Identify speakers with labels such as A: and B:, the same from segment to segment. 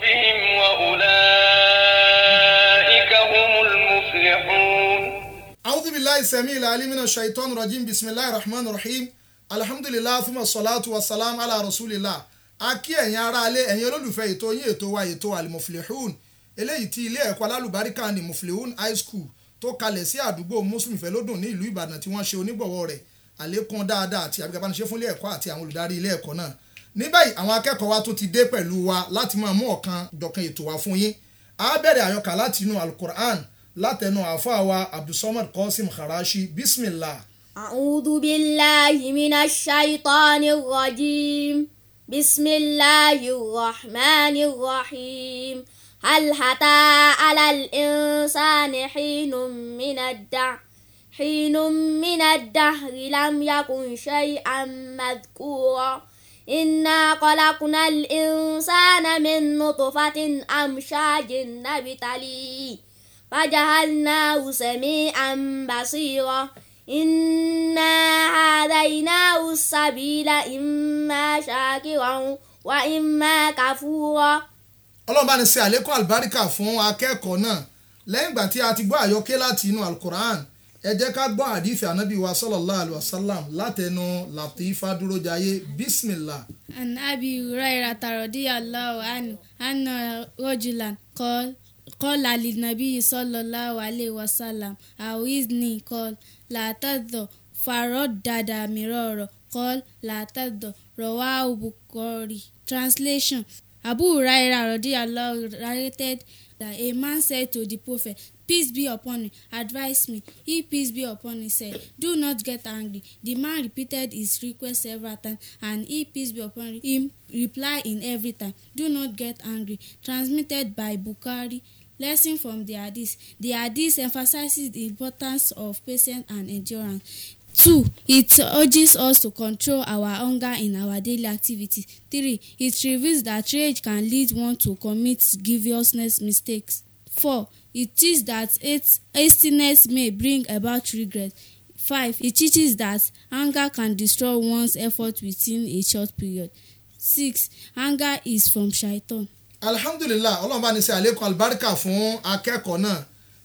A: ربهم وأولئك هم المفلحون أعوذ بالله السميع العليم من الشيطان الرجيم بسم الله الرحمن الرحيم الحمد لله ثم الصلاة والسلام على رسول الله akí ẹ̀yin aráalé ẹ̀yin olólùfẹ́ ètò yín ètò wa ètò alimuflihun eléyìí tí ilé ẹ̀kọ́ alálùbáríkà ní muflihun high school tó kalẹ̀ sí àdúgbò muslim fẹ́lódùn ní ìlú ìbàdàn tí wọ́n ṣe onígbọ̀wọ́ rẹ̀ àlékún dáadáa àti àbíkábánisẹ́ fún ilé ẹ̀kọ́ àti àwọn olùdarí ilé ẹ̀kọ́ náà ní báyìí àwọn akẹ́kọ̀ọ́ wa tún ti dé pẹ̀lú wa láti máa mú ọ̀kan dọ̀kan ètò wa fún yín a bẹ̀rẹ̀ àyọkà láti inú alukur'an látẹnu àáfàá wa abdulsamad qasim kharashi bismillah.
B: a'udhu billahi minash shaitanir rajim bismillahir rahmanir rahim hal alal insani hinun minad-dahr hinun minad-dahr lam yakun shay'an madhkura. إنا خلقنا الإنسان من نطفة أمشاج نبتليه فجعلناه سميعا بصيرا إنا هديناه السبيل إما شاكرا وإما كفورا
A: ọlọ́run bá ní ṣe àlékún àlùbáríkà fún akẹ́kọ̀ọ́ náà lẹ́yìn ìgbà tí a ti gbọ́ àyọkẹ́ láti inú alukoran ẹ jẹ́ ká gbọ́ àdìfẹ́ ànábì wa sallallahu alayhi wa sallam látẹnu latifa dúrójayé bismillah.
B: an abi huraira tarodi allahu anu anna rojulan kol kol ali nabi sallallahu alayhi wa sallam awizni kol latadọ farod dada miroro kol latadọ rawahu bukori translation abu huraira rodi allahu narrated that a man said to the prophet, Peace be upon you, advise me. He, peace be upon you, said, Do not get angry. The man repeated his request several times, and he, peace be upon him, replied in every time, Do not get angry. Transmitted by Bukhari. Lesson from the Hadith. The Hadith emphasizes the importance of patience and endurance. Two, it urges us to control our hunger in our daily activities. Three, it reveals that rage can lead one to commit grievousness mistakes. Four, it teaches that hastiness may bring about regret. Five, it teaches that anger can destroy one's effort within a short period. Six, anger is from shaitan.
A: alhamdulillah ọlọ́run bá ní ṣe àlékún àlùbáríkà fún akẹ́kọ̀ọ́ náà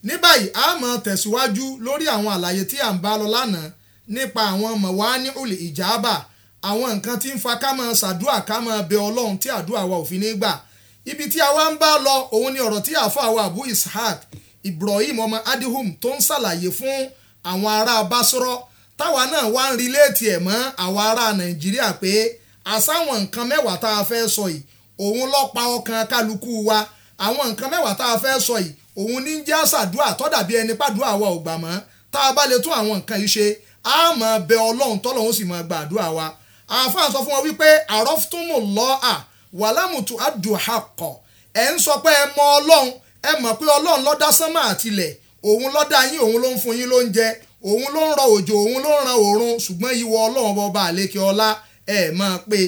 A: ní báyìí a máa tẹ̀síwájú lórí àwọn àlàyé tí à ń bá lọ lánàá nípa àwọn mọ̀wání olè ìjàmbá àwọn nǹkan tí ń fa ká máa ṣàdúrà ká máa bẹ ọlọ́run tí àdúrà wa ò fi ní gbà ibi tí a wá ń bá lọ òun ni ọ̀rọ̀ tí àáfàá wa Abu Ishaq Ibrahim ọmọ Adihum tó ń ṣàlàyé fún àwọn ará Basọ́rọ́ táwa náà wá ń rí léètì ẹ̀ mọ́ àwọn ará Nàìjíríà pé àsáwọn nǹkan mẹ́wàá tá a fẹ́ sọ yìí òun ló pa ọkàn kálukú wa àwọn nǹkan mẹ́wàá tá a fẹ́ sọ yìí òun ní ń jẹ́ ẹni pàdúà wa ò gbà mọ́ tá a bá lè tún àwọn nǹkan yìí ṣe a máa bẹ ọlọ́run tọ́lọ́run sì máa gbàdúrà wa àáfàá sọ fún wọn wípé àrọ́fútúmù lọ́à wàlámùtù àdùhàkọ̀ ẹ̀ ń sọ pé ẹ mọ ọlọ́run ẹ mọ̀ pé ọlọ́run ló dá sánmà àtilẹ̀ òun ló dá yín òun ló ń fún yín lóúnjẹ òun ló ń rọ òjò òun ló ń ran òòrùn ṣùgbọ́n ìwọ ọlọ́run ọba àlékè ọlá ẹ máa pé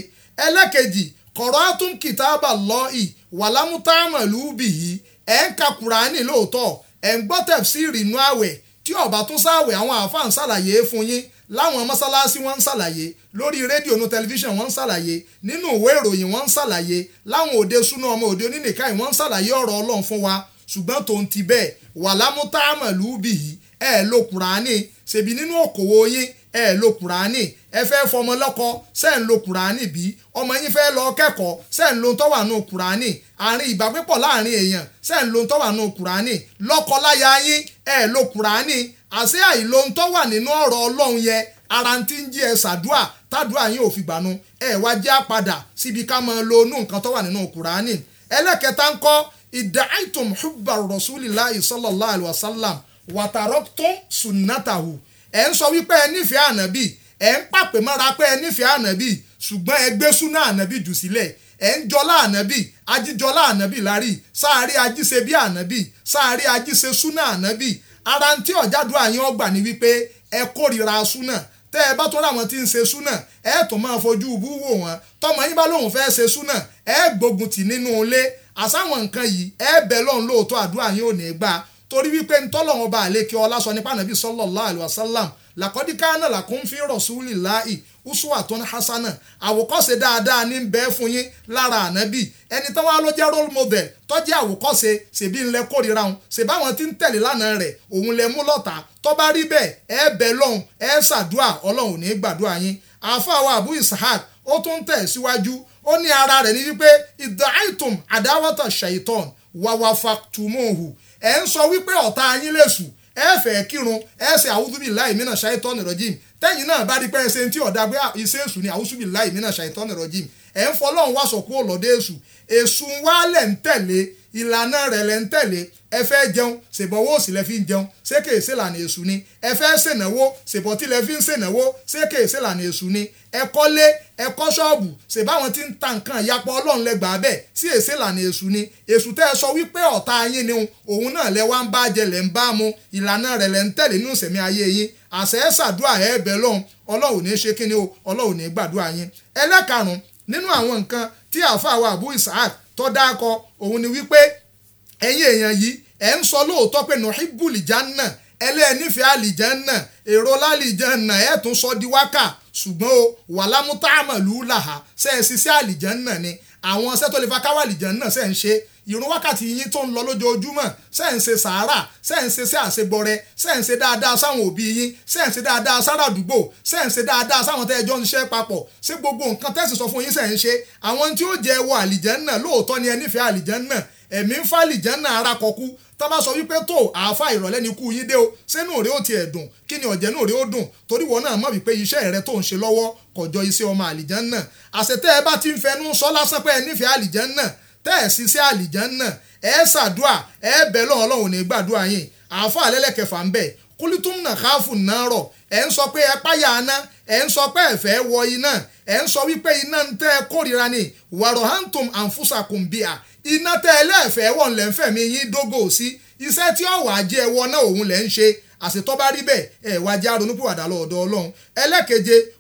A: ẹlẹ́kejì kọ̀rọ̀ àtúnkìtàbà lọ́ọ̀ì wàlámùtàmọ̀lúbì yìí ẹ̀ ń ka kùránì lóòótọ́ ẹ̀ ń gbọ́ tẹ̀síìrì inú àwẹ̀ tí ọba tó sáàwẹ̀ àwọn àáfàá ń ṣàlàyé fún yín láwọn mọ́sálásí wọ́n ń ṣàlàyé lórí rédíò nu tẹlifíṣàn wọ́n ń ṣàlàyé nínú ìwé ìròyìn wọ́n ń ṣàlàyé láwọn òde súná ọmọ òde onínìkáì wọ́n ń ṣàlàyé ọ̀rọ̀ ọlọ́run fún wa ṣùgbọ́n tó ń ti bẹ́ẹ̀ wà lámútáàmọ̀lú bì yìí ẹ̀ ló kùránì ṣèbí nínú òkòwò yín ẹ lo kùránì ẹ fẹ́ fọmọ lọ́kọ ṣe ń lo kùránì bí ọmọ yín fẹ́ lọ kẹ́kọ̀ọ́ ṣe ń lo tọ́wà nù kùránì àárín ìbágbépọ̀ láàrin èèyàn ṣe ń lo tọ́wà nù kùránì lọ́kọláya yín ẹ lo kùránì àṣẹ àìlo tọ́wà nínú ọ̀rọ̀ ọlọ́run yẹ ara ti ń jí ẹ ṣàdúà tádùá yín ò fi gbànú ẹ wá já padà síbi ká máa lo inú nǹkan tọ́wà nínú kùránì ẹlẹ́kẹta ń kọ́ ìdáìtùm hubba rasulillahi sallallahu alaihi wasallam wàtàrọ́tún sunnatahu ẹ̀ ń sọ wípé ẹ nífẹ̀ẹ́ ànábì ẹ̀ ń pàpè mọ́ra pé ẹ nífẹ̀ẹ́ ànábì ṣùgbọ́n ẹ gbé súnà ànábì jù sílẹ̀ ẹ̀ ń jọlá ànábì ajíjọlá ànábì lárí sáárẹ̀ ajíṣe bí ànábì sáárẹ̀ ajíṣe súnà ànábì ara ń tí ọ̀jádùn àyín ọgbà ní wípé ẹ kórìíra súnà tẹ́ ẹ bá tó ra wọn tí ń ṣe súnà ẹ tó máa fojú ubú wò wọn tọmọ yín bá lóun fẹ́ ṣe súnà ẹ gbógun tì nínú ilé àsáwọn nǹkan yìí ẹ bẹ̀ lọ́n lóòótọ́ àdúrà yín ò ní gbà torí wípé ntọ́lọ́wọ́n bá àlékè ọlá sọ nípa nàbí sallallahu alaihi wasallam làkọ́dí káánà làkún fi rasulillahi uswatun hasana àwòkọ́ṣe dáadáa ní bẹ́ẹ̀ fún yín lára ànábì ẹni tán wá ló jẹ́ role model tó jẹ́ àwòkọ́ṣe ṣèbí ńlẹ̀ kórìíra òun ṣèbáwọn tí ń tẹ̀lé lánàá rẹ̀ òun lẹ mú lọ́tà tó bá rí bẹ́ẹ̀ ẹ bẹ lọ́hùn ẹ ṣàdúà ọlọ́hun ní gbàdúà yín àáfàá wa abu ishaq ó tún tẹ̀ síwájú ó ní ara rẹ̀ ní wípé ìdáìtùm àdáwọ̀tà ṣàìtàn wàwàfàtùmọ̀hù ẹ ń sọ wípé ọ̀tá yín lèṣù ẹ fẹ́ kírun ẹ ṣe àwùjúbí láì mí náà ṣáìtọ́nì rọ́jìm tẹ́yìn náà bá di pé ẹ ṣe ń tí ọ̀dà gbé iṣẹ́ èṣù ni àwùjúbí láì mí náà ṣáìtọ́nì rọ́jìm ẹ ń fọlọ́run wá sọ̀kú ọ̀lọ́dẹ èṣù èṣù wálẹ̀ ń tẹ̀lé ìlànà rẹ̀ lẹ́ ń tẹ̀lé ẹ fẹ́ jẹun ṣèbọ̀wọ́ òsì lẹ́ fi ń jẹun ṣé kèé ṣèlànà èṣù ni ẹ fẹ́ ṣènáwó ṣèbọ̀tí lẹ́ fi ń ṣènáwó ṣé kèé ṣèlànà èṣù ni ẹ kọ́lé ẹ kọ́ ṣọ́ọ̀bù ṣèbáwọn tí ń ta nǹkan ìyapọ̀ ọlọ́run lẹ́gbàá bẹ́ẹ̀ sí èsè lànà èṣù ni èṣù tẹ́ ẹ sọ wípé ọ̀tá yín ni òun náà lẹ wá ń bá jẹ lẹ́ ń bá mu ìlànà rẹ̀ lẹ́ ń tẹ̀lé nínú ìsẹ̀mí ayé yín àṣẹ ẹ̀ ṣàdúrà ẹ̀ bẹ̀ lọ́hùn ọlọ́run ní ṣe kíni o ọlọ́run ní gbàdúrà yín ẹlẹ́karùn-ún nínú àwọn nǹkan tí àáfàá wa Abu Isaac tó dákọ òun ni wípé ẹ̀yin èèyàn yìí ẹ̀ ń sọ lóòótọ́ pé nùhíbùlì jánà ẹlẹ́ẹ̀nífẹ̀ẹ́ àlìjánà èrò lálìjánà ẹ̀ tún sọ di wákà ṣùgbọ́n o wàlámútàmọ̀lú làhà ṣe é ṣiṣẹ́ àlìjánà ni àwọn ṣẹ́ tó lè fa káwá àlìjánà ṣe ń ṣe ìrun wákàtí yín tó ń lọ lójoojúmọ́ ṣẹ́ ń ṣe sàárà ṣẹ́ ń ṣe sí àṣegbọrẹ ṣẹ́ ń ṣe dáadáa sáwọn òbí yín ṣẹ́ ń ṣe dáadáa sára àdúgbò ṣẹ́ ń ṣe dáadáa sáwọn tẹ́ ẹjọ́ ń ṣiṣẹ́ papọ̀ ṣé gbogbo nǹkan tẹ́sí sọ fún yín ṣẹ́ ń ṣe àwọn tí ó jẹ ẹwọ àlìjẹ́nà lóòótọ́ ni ẹ nífẹ̀ẹ́ àlìjẹ́nà ẹ̀mí ń fa àlìjẹ́nà ara kọkú tó bá sọ wípé tó àáfà ìrọ̀lẹ́ ni ikú yín dé o sẹ́nu rẹ̀ ó tiẹ̀ dùn kí ni ọ̀jẹ̀ náà rẹ̀ ó dùn torí wọn náà mọ̀ wípé iṣẹ́ rẹ̀ tó ń ṣe lọ́wọ́ kọjọ iṣẹ́ ọmọ àlìjẹ́n náà àṣetẹ́ ẹ bá ti ń fẹnu sọ lásán pé ẹ nífẹ̀ẹ́ àlìjẹ́n náà tẹ́ ẹ̀ ṣiṣẹ́ àlìjánná ẹ̀ ṣàdúà ẹ̀ bẹ̀ lọ́wọ́ ọlọ́run ní gbàdúà yín àáfà alẹ́lẹ́kẹfà ń bẹ̀ kúlítùmùnà káfù náà rọ̀ ẹ̀ ń sọ pé ẹ páyà aná ẹ̀ ń sọ pé ẹ fẹ́ wọ iná ẹ̀ ń sọ wípé iná ń tẹ́ ẹ kórìíra ni wàrọ̀hántùm àǹfùsàkùnbíà iná tẹ́ ẹ lẹ́ẹ̀fẹ́ wọ̀ ń lẹ́ńfẹ́ mi yín dógò sí iṣẹ́ tí ọ̀wà ajé ẹwọ náà òun lẹ́ ń ṣe àṣetọ́ bá rí bẹ́ẹ̀ ẹ̀ wájà ronúpìwàdà lọ́dọ̀ ọlọ́run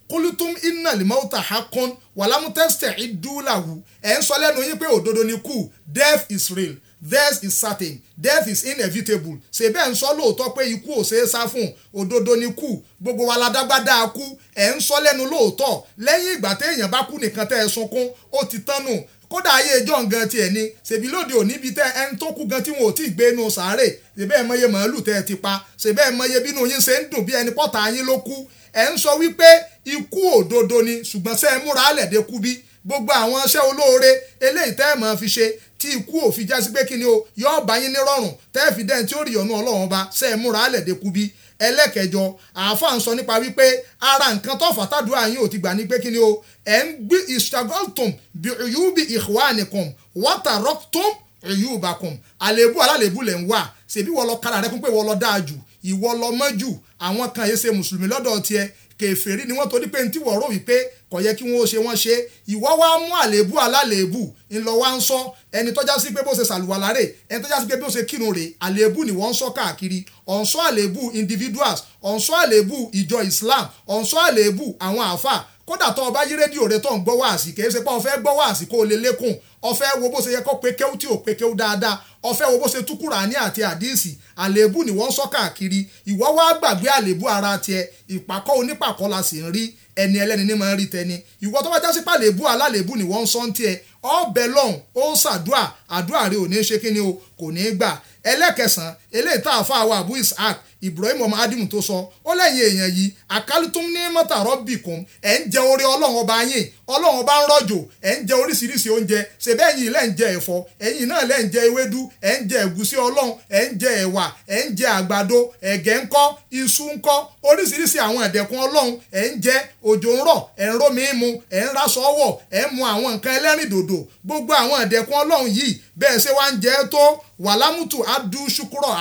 A: Kulutum inna limauta hakun wàlámútẹ́sítẹ̀ ìdúlàwù ẹ̀ ń sọ lẹ́nu yín pé òdodo ni kú death is real death is certain death is inevitable ṣe bẹ́ẹ̀ ń sọ lóòótọ́ pé ikú ò ṣeé sá fún òdodo ni kú gbogbo wa ladágbádá kú ẹ̀ ń sọ lẹ́nu lóòótọ́ lẹ́yìn ìgbà téèyàn bá kú nìkan tẹ́ ẹ sunkún ó ti tán nù kódà ayé ẹjọ́ ngan tiẹ̀ ni ṣèbí lóde òní bíi tẹ ẹni tó kú gan tí wọn ò tí ì gbé inú sàárè ṣèbẹ́ ẹ̀ mọye màálù tẹ́ ẹ ti pa ṣèbẹ́ ẹ̀ mọye bínú yín ṣe ń dùn bí ẹni pọ́ta yín ló kú ẹ̀ ń sọ wípé ikú òdodo ni ṣùgbọ́n ṣe é múra lẹ̀dẹ́ kú bí gbogbo àwọn iṣẹ́ olóore eléyìí tẹ́ ẹ̀ máa fi ṣe tí ikú ò fi jásí pé kíni o yóò bá yín nírọ̀rùn tẹ́ẹ̀ fi dẹ́n tí ó rí ọ̀nà ọlọ́run ọba ṣe é múra lẹ̀dẹ́ kú bí ẹlẹ́kẹjọ àáfàá ń sọ nípa wípé ara nǹkan tó fàtàdúrà yín ò ti gbà ní pé kíni o ẹ̀ ń gbé ìṣàgọ́tùm bí ìyúbi ìhùwà nìkan wọ́tàrọ́tùm ìyúbakùn àlèébù alálèébù lẹ̀ ń wà ṣèbí wọ́n lọ kára rẹ kún pé wọ́n lọ dáa jù ìwọ lọ mọ́ jù àwọn kan yìí ṣe mùsùlùmí lọ́dọ̀ tiẹ̀ kèfèrí ni wọ́n torí pé ní tí wọ́n rò wípé kò yẹ kí wọ́n ṣe wọ́n ṣe ìwọ́ wa mú àlèébù alálèébù ńlọ wa ń sọ ẹni tọ́já sí pé bó ṣe ṣàlùwàlá rẹ̀ ẹni tọ́já sí pé bó ṣe kírun rẹ̀ àlèébù ni wọ́n ń sọ káàkiri ọ̀nṣọ́ àlèébù individuals ọ̀nṣọ́ àlèébù ìjọ Islam ọ̀nṣọ́ àlèébù àwọn àáfàá kódà tó o bá yí rédíò rẹ tó ń gbọ́ wáàsí kì í ṣe pé o fẹ́ gbọ́ wáàsí kó o lè lékún o fẹ́ wo bó ṣe yẹ kó pé kéwú tí ò pé kéwú dáadáa o fẹ́ wo bó ṣe tú Kùránì àti àdíìsì àléébù ni wọ́n sọ káàkiri ìwọ wá gbàgbé àléébù ara tiẹ̀ ìpàkọ́ onípàkọ́ la sì ń rí ẹni ẹlẹ́ni ní máa ń rí tẹni ìwọ tó bá jásí pàléébù alálèébù ni wọ́n ń sọ ń tiẹ̀ ọbẹ̀ lọ́hùn ó ṣàdúà àdúà rẹ ò ní ṣe kíni o kò ní gbà ẹlẹ́kẹsàn eléyìí tá a fa àwọn Abu Ishaq Ibrahim ọmọ Adimu tó sọ ó lẹ́yìn èèyàn yìí àkálùtún ní mọ́tàrọ́ bìkún ẹ̀ ń jẹ orí ọlọ́run ọba yín ọlọ́run ọba ń rọ̀jò ẹ̀ ń jẹ oríṣiríṣi oúnjẹ ṣèbẹ́ ẹ̀yìn lẹ́ ń jẹ ẹ̀fọ́ ẹ̀yìn náà lẹ́ ń jẹ ewédú ẹ̀ ń jẹ ẹ̀gúsí ọlọ́run ẹ̀ ń jẹ ẹ̀wà ẹ̀ ń jẹ àgbàdo ẹ̀gẹ́ ńkọ́ iṣu ńkọ́ oríṣiríṣi àwọn ẹ̀dẹ̀kun ọlọ́run ẹ̀ ń jẹ òjò ń rọ̀ ń rómi mu ẹ̀ ń raṣọ wọ̀ ẹ̀ ń mu àwọn nǹkan ẹlẹ́rìndòdò gbogbo àwọn ẹ̀dẹ̀kun ọlọ́run yìí bẹ́ẹ̀ ṣe wá ń jẹ tó wàlámùtù adúṣukúrọ̀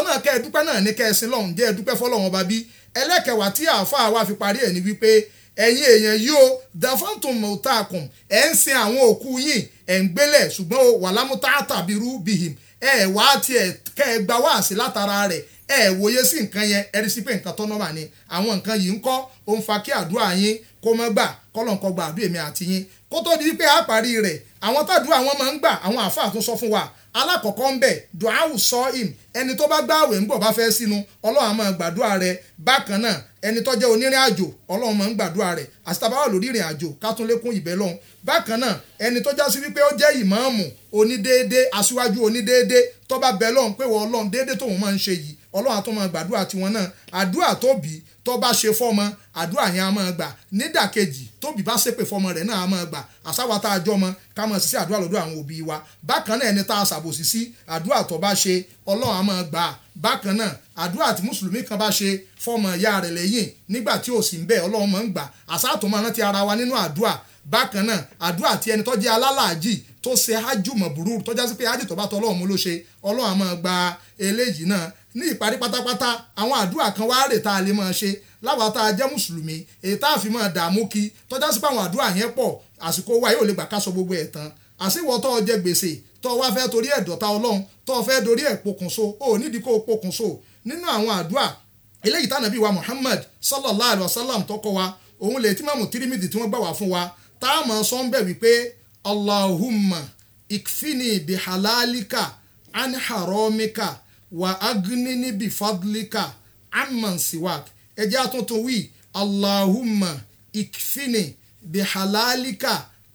A: ìwọ náà kẹ́ ẹ dúpẹ́ náà ní kẹ́ẹ̀sìn lọ́hùn jẹ́ ẹ dúpẹ́ fọ́lọ́hùn ọba bí ẹlẹ́kẹ̀wá tí àáfàá wa fi parí ẹ̀ ní wípé ẹ̀yin èèyàn yìí o dafantum mutakun ẹ̀ ń sin àwọn òkú yìí ẹ̀ ń gbélẹ̀ ṣùgbọ́n wàlámútà tàbí rú bìhìm ẹ̀ wá tiẹ̀ kẹ́ ẹ gba wáàsí látara rẹ̀ ẹ wòye sí nǹkan yẹn ẹ rí sí pé nǹkan tọ́nà wà ní àwọn nǹkan yìí ń kọ́ ó ń fa kí àdúrà yín kó mọ́ gbà kọ́lọ́nkọ́ gba àdúrà èmi àti yín kó tó di pé a parí rẹ̀ àwọn tàdúrà wọn máa ń gbà àwọn àáfàá tún fún wa alákọ̀ọ́kọ́ ń bẹ̀ dùn áwù sọ ìm ẹni tó bá gbààwẹ̀ ń bọ̀ bá fẹ́ sínú ọlọ́run máa gbàdúrà rẹ bákan náà ẹni tó jẹ́ onírìn àjò ọlọ́run máa ń gbàdúrà rẹ̀ àsìtàbáwà lórí ìrìn àjò kátúnlékún ìbẹ́ lọ́hùn bákan náà ẹni tó jásí wípé ó jẹ́ ìmáàmù onídéédé aṣíwájú onídéédé tó bá bẹ lọ́hùn pé wọ́n ọlọ́run déédé tóun máa ń ṣe yìí ọlọ́run àtọ́ máa gbàdúrà tiwọn náà àdúrà tóbi tó bá ṣe fọ́mọ àdúrà yẹn a máa gbà nídàkejì tóbi bá ṣépè fọ́mọ rẹ̀ náà a máa gbà àsáwá tá a jọ mọ ká máa ṣiṣẹ́ àdúrà lọ́dọ̀ àwọn òbí wa bákan náà ẹni tá a ṣàbòsí sí àdúrà tó bá ṣe ọlọ́run á máa gbà á bákan náà àdúrà tí mùsùlùmí kan bá ṣe fọmọ ìyá rẹ̀ lẹ́yìn nígbà tí ò sì ń bẹ ọlọ́run máa ń gbà àsáàtò máa rántí ara wa nínú àdúrà bákan náà àdúrà tí ẹni tó jẹ́ alálàájì tó ṣe ájùmọ̀ burú tó jásí pé ájì tó bá tọ́lọ́run mú ló ṣe ọlọ́run á máa gba eléyìí náà ní ìparí pátápátá àwọn àdúrà kan wá rè tá a lè máa ṣe láwa tá mùsùlùmí èyí tá a fi máa dààmú kí tó jásí pé àwọn àdúrà yẹn pọ̀ àsìkò wa yóò lè gbà ká sọ gbogbo ẹ̀ tán àsìwọ́tọ́ jẹ gbèsè tọ́ wá fẹ́ torí ẹ̀dọ̀ta ọlọ́run tọ́ fẹ́ dorí ẹ̀ pokùnso ó nídìí kó pokùnso nínú àwọn àdúrà eléyìí tànàbí wa Muhammad sallallahu alayhi wa sallam tó kọ́ wa òun lè tí màmú tirimidi tí wọ́n gbà wá fún wa tá a mọ̀ sọ ń bẹ̀ wípé Allahumma ikfini bihalalika anharomika wa agnini bifadlika amman siwak ẹjẹ́ àtúntún wí Allahumma ikfini bihalalika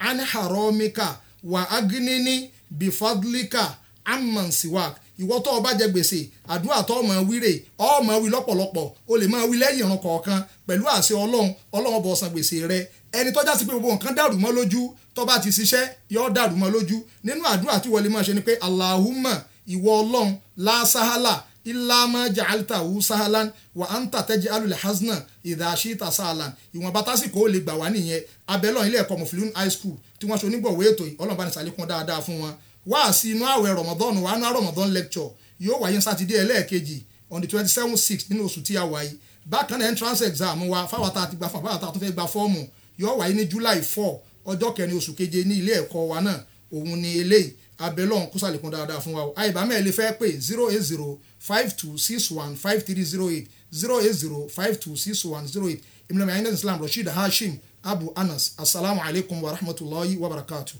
A: anharomika wa agnini bifadlika bifadlika amansiwak ìwọ tó o bá jẹ gbèsè àdúrà tó o máa wíre o máa wí lọ́pọ̀lọpọ̀ o lè máa wí lẹ́yìn ìran kọ̀ọ̀kan pẹ̀lú àṣẹ ọlọ́run ọlọ́run bọ̀ san gbèsè rẹ ẹni tó já sí pé gbogbo nǹkan dàrú mọ́ lójú tó bá ti ṣiṣẹ́ yọ dàrú mọ́ lójú nínú àdúrà tí wọlé máa ṣe ni pé Allahumma ìwọ ọlọ́run la sahala ilama jaalta wu sahalan wa anta tẹ́jẹ́ alulẹ̀ hasna ìdásíta sahalan ìwọ̀nba tásìkò ó lè gbà wá nìyẹn abẹ́lọ́ ilé ẹ̀kọ́ mufilun high school tí wọ́n ṣe onígbọ̀wé ètò ọlọ́mọba ní sàlékún dáadáa fún wọn wá sí inú àwẹ̀ rọmọdọ́nù wa anú rọmọdọ́nù lecture yóò wáyé sátidé ẹlẹ́ẹ̀kejì on the twenty seven six nínú oṣù tí a wà yìí bákan náà entrance exam wa fáwọn tá a ti gbà fún àbáwọ̀ tá a tún fẹ́ gba fọ́ọ̀mù yóò wáyé ní july four ọjọ́ kẹrin oṣù keje ní ilé ẹ̀kọ́ wa náà òun ni eléyìí abẹ́lọ́hún kó sàlékún dáadáa fún wa o àìbámẹ́ ilé fẹ́ pé zero eight zero five two six one five three zero eight zero eight zero five two six one zero eight ìmìlẹ̀ mẹ́rin islam rasheed hashim abu anas asalaamualeykum wa rahmatulahi wa barakatu.